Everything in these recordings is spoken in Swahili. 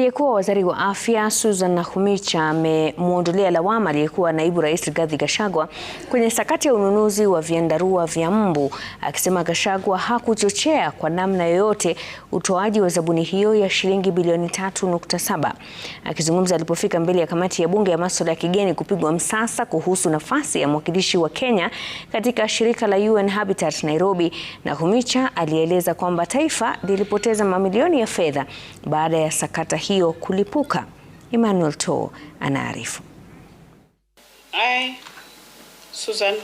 Aliyekuwa waziri wa afya Susan Nakhumicha amemwondolea lawama aliyekuwa naibu rais Rigathi Gachagua kwenye sakata ya ununuzi wa vyandarua vya mbu, akisema Gachagua hakuchochea kwa namna yoyote utoaji wa zabuni hiyo ya shilingi bilioni 3.7. Akizungumza alipofika mbele ya kamati ya bunge ya masuala ya kigeni kupigwa msasa kuhusu nafasi ya mwakilishi wa Kenya katika shirika la UN Habitat Nairobi, Nakhumicha alieleza kwamba taifa lilipoteza mamilioni ya fedha baada ya sakata hiyo kulipuka. Emmanuel To anaarifu. Susan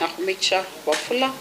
Nakhumicha Wafula.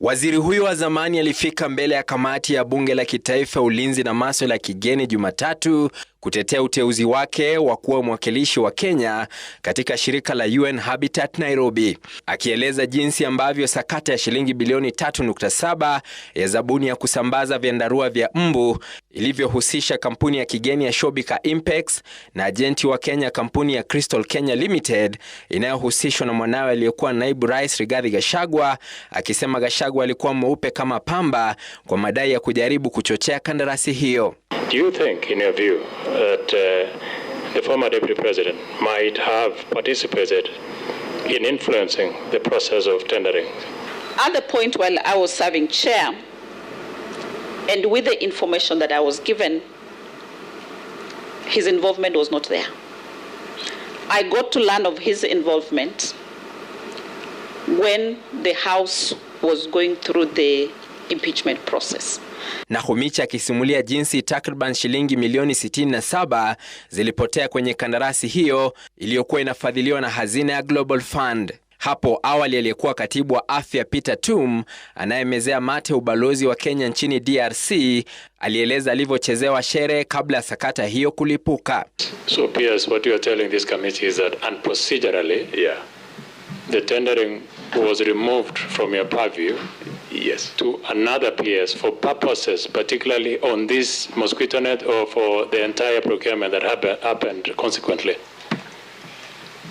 Waziri huyo wa zamani alifika mbele ya kamati ya bunge la kitaifa ulinzi na maswala ya kigeni Jumatatu kutetea uteuzi wake wa kuwa mwakilishi wa Kenya katika shirika la UN Habitat Nairobi, akieleza jinsi ambavyo sakata ya shilingi bilioni 3.7 ya zabuni ya kusambaza vyandarua vya mbu ilivyohusisha kampuni ya kigeni ya Shobika Impex na ajenti wa Kenya kampuni ya Crystal Kenya Limited inayohusishwa na mwanawe aliyekuwa naibu rais Rigathi Gachagua, akisema Gachagua alikuwa mweupe kama pamba kwa madai ya kujaribu kuchochea kandarasi hiyo. Do you think, in your view, that uh, the former deputy president might have participated in influencing the process of tendering? At the point when I was serving chair, and with the information that I was given, his involvement was not there. I got to learn of his involvement when the House was going through the impeachment process. Nakhumicha akisimulia jinsi takriban shilingi milioni 67 zilipotea kwenye kandarasi hiyo iliyokuwa inafadhiliwa na hazina ya Global Fund. Hapo awali aliyekuwa katibu wa afya Peter Tum, anayemezea mate ubalozi wa Kenya nchini DRC, alieleza alivyochezewa shere kabla ya sakata hiyo kulipuka. So Piers, what you are telling this committee is that unprocedurally, yeah, the tendering was removed from your purview yes to another PS for purposes, particularly on this mosquito net or for the entire procurement that happen, happened consequently?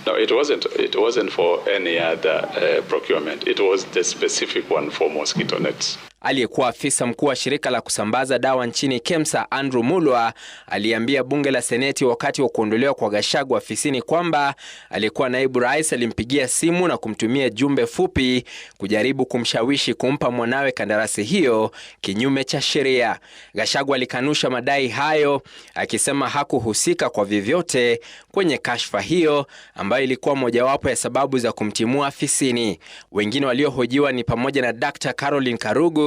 No, it wasn't. It wasn't for any other uh, procurement. It was the specific one for mosquito nets. Aliyekuwa afisa mkuu wa shirika la kusambaza dawa nchini KEMSA Andrew Mulwa aliambia bunge la seneti wakati wa kuondolewa kwa Gachagua afisini kwamba aliyekuwa naibu rais alimpigia simu na kumtumia jumbe fupi kujaribu kumshawishi kumpa mwanawe kandarasi hiyo kinyume cha sheria. Gachagua alikanusha madai hayo akisema hakuhusika kwa vyovyote kwenye kashfa hiyo ambayo ilikuwa mojawapo ya sababu za kumtimua afisini. Wengine waliohojiwa ni pamoja na Dr. Caroline Karugu